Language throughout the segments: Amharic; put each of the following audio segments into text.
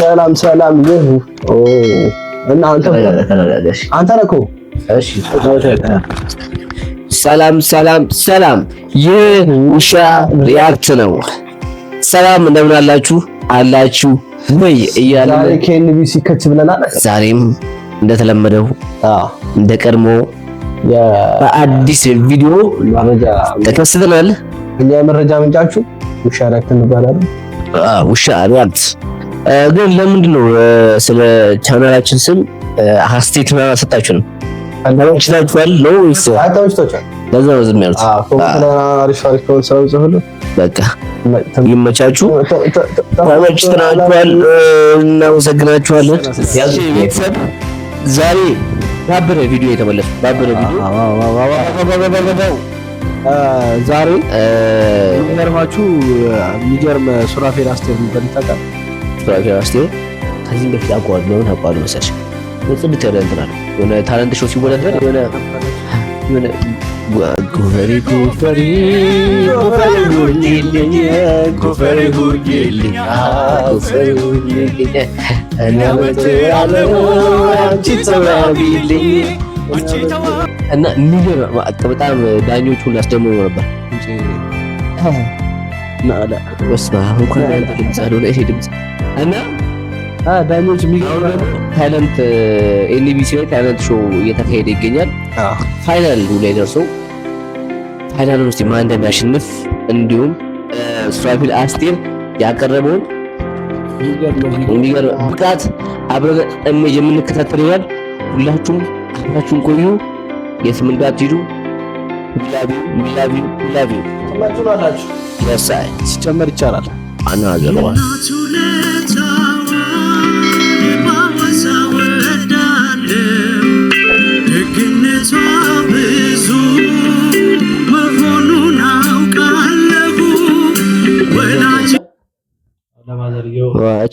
ሰላም ሰላም። ይህ እና አንተ አንተ ነህ እኮ እሺ። ሰላም ሰላም ሰላም። ይህ ውሻ ሪያክት ነው። ሰላም እንደምን አላችሁ አላችሁ ወይ እያለ ዛሬ ከኤንቢሲ ከች ብለናል። ዛሬም እንደተለመደው እንደ ቀድሞ በአዲስ ቪዲዮ ተከስተናል። እኛ የመረጃ ምንጫችሁ ውሻ ሪያክት እንባላለን። ውሻ ሪያክት ግን ለምንድን ነው ስለ ቻናላችን ስም አስቴት ምናምን አልሰጣችሁንም? አንዳችሁታችኋል ነው ወይስ ለዛ ነው ዝም ያሉት? አሪፍ አሪፍ በቃ ይመቻችሁ። ተመችተናችኋል፣ እናመሰግናችኋለን። ቤተሰብ ዛሬ ባበረ ቪዲዮ የተመለስኩት ባበረ ቪዲዮ ዛሬ የሚገርማችሁ የሚገርም ሱራፌል አስቴር የሚባል ይታወቃል ፕራይቬት ዩኒቨርሲቲ ነው። ከዚህም በፊት አቋዋድ ምናምን አቋዋድ መሰለሽ ጽድት ያለ የሆነ ታለንት ሾው ሲወዳደር የሆነ የሆነ ጎፈሬ ጎፈሬ እና ሚሊዮን በጣም ዳኞቹ ሁሉ አስደምሞ ነበር። እና ዳኞች ታይለንት ኤንቢሲ ላይ ታይለንት ሾው እየተካሄደ ይገኛል። ፋይናል ላይ ደርሰው ፋይናል ውስጥ ማን እንደሚያሸንፍ እንዲሁም ሱራፊል አስቴር ያቀረበውን የሚገርም ብቃት አብረን የምንከታተል ይሆናል። ሁላችሁም አብራችሁን ቆዩ። የስምንዳት ሂዱ እንዳትሄዱ። ሲጨመር ይቻላል አናዘረዋል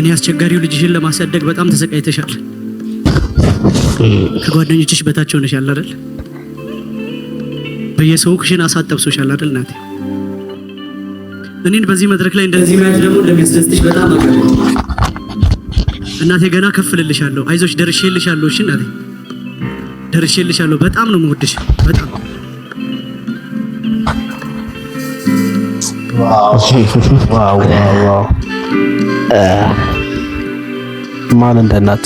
እኔ አስቸጋሪው ልጅሽን ለማሳደግ በጣም ተሰቃይተሻል። ከጓደኞችሽ በታች ሆነሻል አይደል? በየሰው ክሽን አሳጠብሶሻል አይደል? ናት እኔን በዚህ መድረክ ላይ እንደዚህ ማየት ደግሞ እንደሚያስደስትሽ በጣም አቀለ እናቴ ገና ከፍልልሻለሁ። አይዞሽ ደርሼልሻለሁ። እሺ እናቴ ደርሼልሻለሁ። በጣም ነው የምወድሽ። በጣም ዋው ዋው ዋው ማን እንደ እናት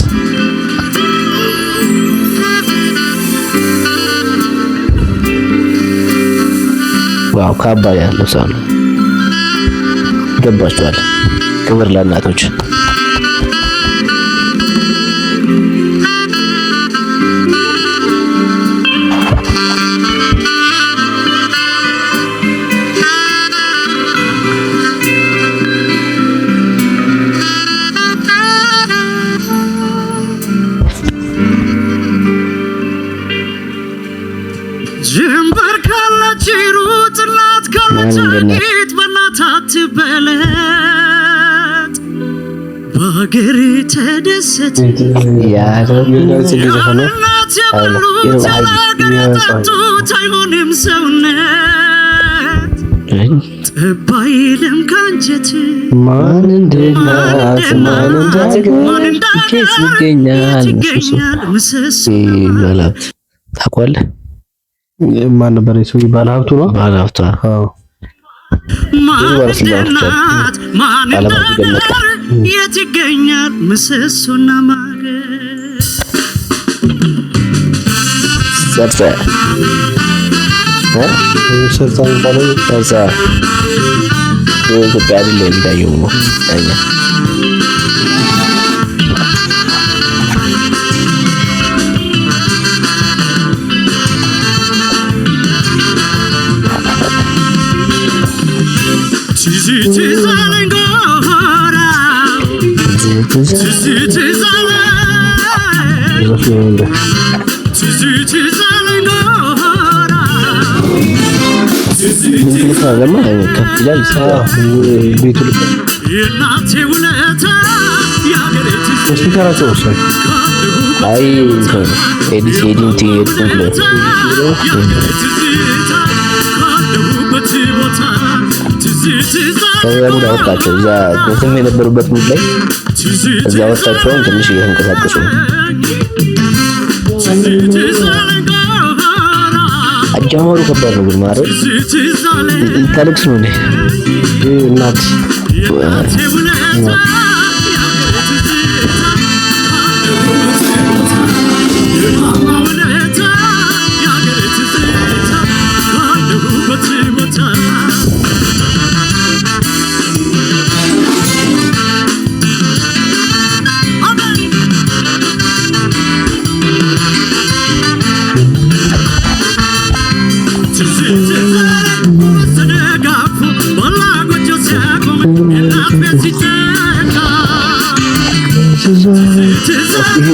ዋው ካባ ያለው ሰው ነው። ገባችኋል? ክብር ለእናቶች። ጀንበር ካለች ሩጥ እናት ካለች አጌጥ በእናት አትበለጥ በሀገር ተደሰት ያለእናት የበሉት አይሆንም ሰውነት ጠብ ካንጀት ማን እንደናት ማን እንዳገር ይገኛል ምሰሶ ታውቋለህ ማን ነበር የሰውዬ? ባለ ሀብቱ ነው። ባለ ሀብቱ አዎ። የት ይገኛል ምሰሶና ማገ። ኢትዮጵያ አይደለም እንዳየው ነው Sizi cezalar. Uzak yoruldu. Sizi cezalar. Sizi cezalar. Ama yani kapılar sağ. Bir türlü. Nasıl ah. bir karakter ላይ ኤዲት ኤዲት ኤዲት ከዛ ሙድ አወጣቸው እዛ በስም የነበሩበት ሙድ ላይ እዛ አወጣቸውን ትንሽ እየተንቀሳቀሱ አጀማመሩ ከባድ ነው ግን ማለት ልታለቅስ ነው እናት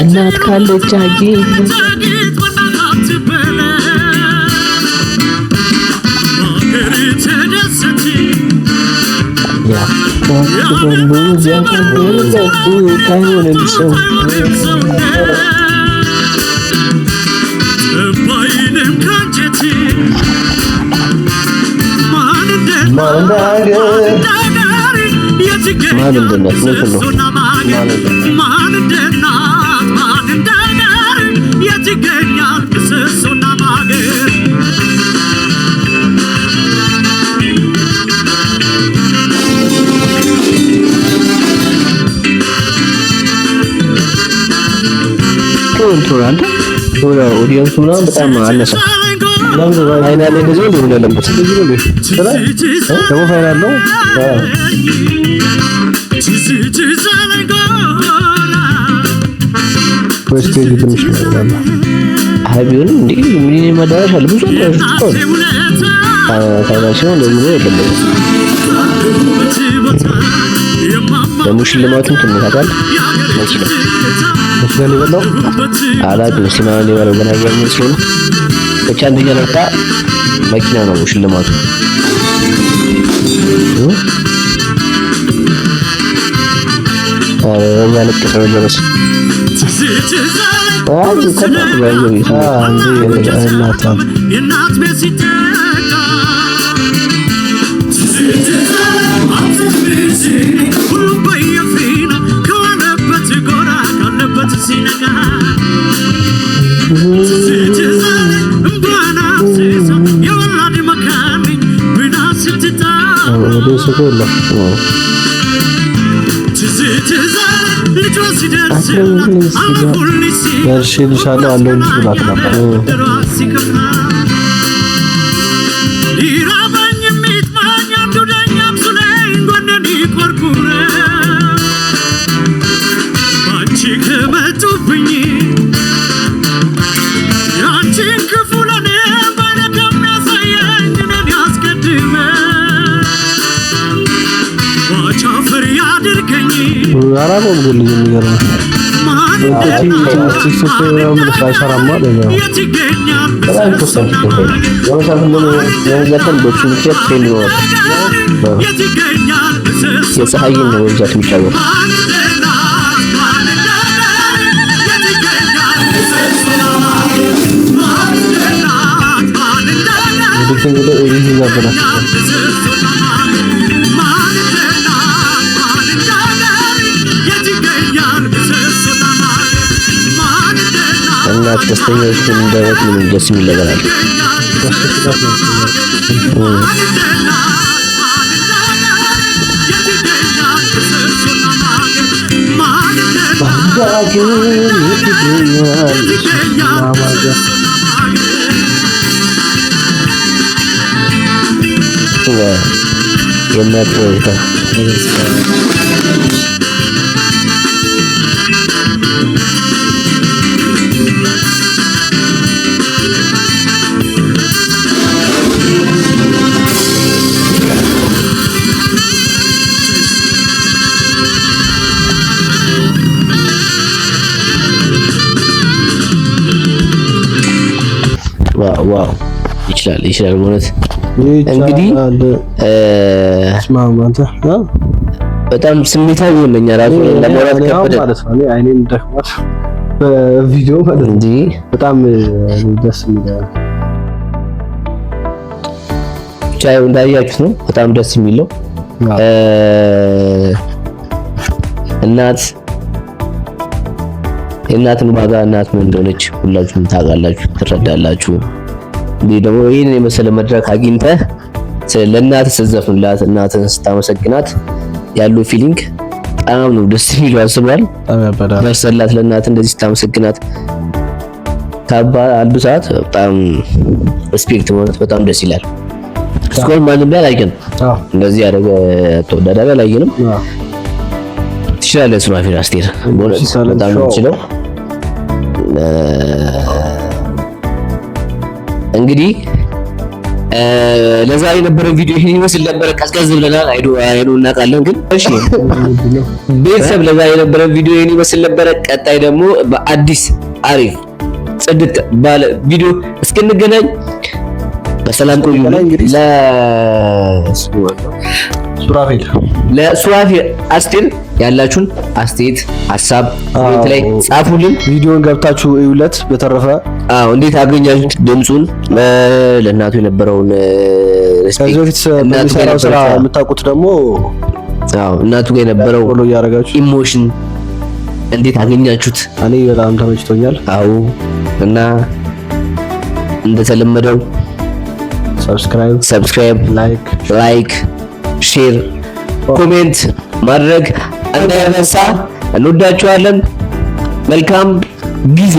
እናት ካለች አጌ አይሆንም ሰው ማን እንደናት ነው ማን እንደናት ሆናለ ኦዲየንሱ ምናምን በጣም አነሳ። ፋይናል እንደዚህ ነው እንደለምበት እንደዚህ ነው ደግሞ ፋይናል ነው ስቴጁ ትንሽ ቢሆንም እንደ ሚሊኒየም አዳራሽ አለ ብዙ አዳራሾች ደግሞ ሽልማቱን ትሞታታል አይችልም። መስለን የበላው አላውቅም። ሲማን የበላው በነገር ምን ሲሆን ብቻ አንደኛ ነጣ መኪና ነው ሽልማቱ። አረ የለም። ደርሼልሻለሁ አለሁልሽ ብላት ነበር። አላቆም ግን ልጅ የሚገርም የፀሐይን ነው ना कस्टम में उसको डायरेक्ट मिल जैसे मिल लगा रहा Yeah, you're not worried, huh? ዋው ይችላል ይችላል ማለት እንግዲህ በጣም ስሜታዊ ሆነኛ ራሱ ለማውራት ከበደ ማለት ነው። አይኔም ደክሟል በቪዲዮ ማለት ነው። በጣም ደስ የሚል ቻዩ እንዳያችሁት ነው። በጣም ደስ የሚለው እናት የእናትን ዋጋ እናት ምን እንደሆነች ሁላችሁም ታውቃላችሁ፣ ትረዳላችሁ። እንዲህ ደግሞ ይህንን የመሰለ መድረክ አግኝተ ለእናትህ ስትዘፍንላት እናትህን ስታመሰግናት ያሉ ፊሊንግ በጣም ነው ደስ የሚሉ አስበሃል መርሰላት ለእናት እንደዚህ ስታመሰግናት ከአባ አንዱ ሰዓት በጣም ሪስፔክት ማለት በጣም ደስ ይላል። እስካሁን ማንም ላይ አላየንም፣ እንደዚህ ያደረገ ተወዳዳሪ አላየንም። ትችላለህ ሱራፊል አስቴር፣ በጣም ነው የምችለው እንግዲህ ለዛ የነበረን ቪዲዮ ይሄን ይመስል ነበረ። ቀዝቀዝ ብለናል፣ አይዶ አይዶ እናውቃለን። ግን እሺ ቤተሰብ ለዛ የነበረን ቪዲዮ ይሄን ይመስል ነበረ። ቀጣይ ደግሞ በአዲስ አሪፍ ጽድት ባለ ቪዲዮ እስክንገናኝ በሰላም ቆዩ። ሱራፌል ለሱራፌል አስቴር ያላችሁን አስተያየት ሀሳብ ኮሜንት ላይ ጻፉልን። ቪዲዮን ገብታችሁ እዩለት። በተረፈ አዎ፣ እንዴት አገኛችሁት? ድምፁን ለእናቱ የነበረውን ከዚህ በፊት የሚሰራው ስራ የምታውቁት ደግሞ አዎ፣ እናቱ ጋር የነበረው ኢሞሽን እንዴት አገኛችሁት? እኔ በጣም ተመችቶኛል። አዎ እና እንደተለመደው ሰብስክራይብ ሰብስክራይብ ላይክ ላይክ ሼር፣ ኮሜንት ማድረግ እንዳይረሳ። እንወዳችኋለን። መልካም ጊዜ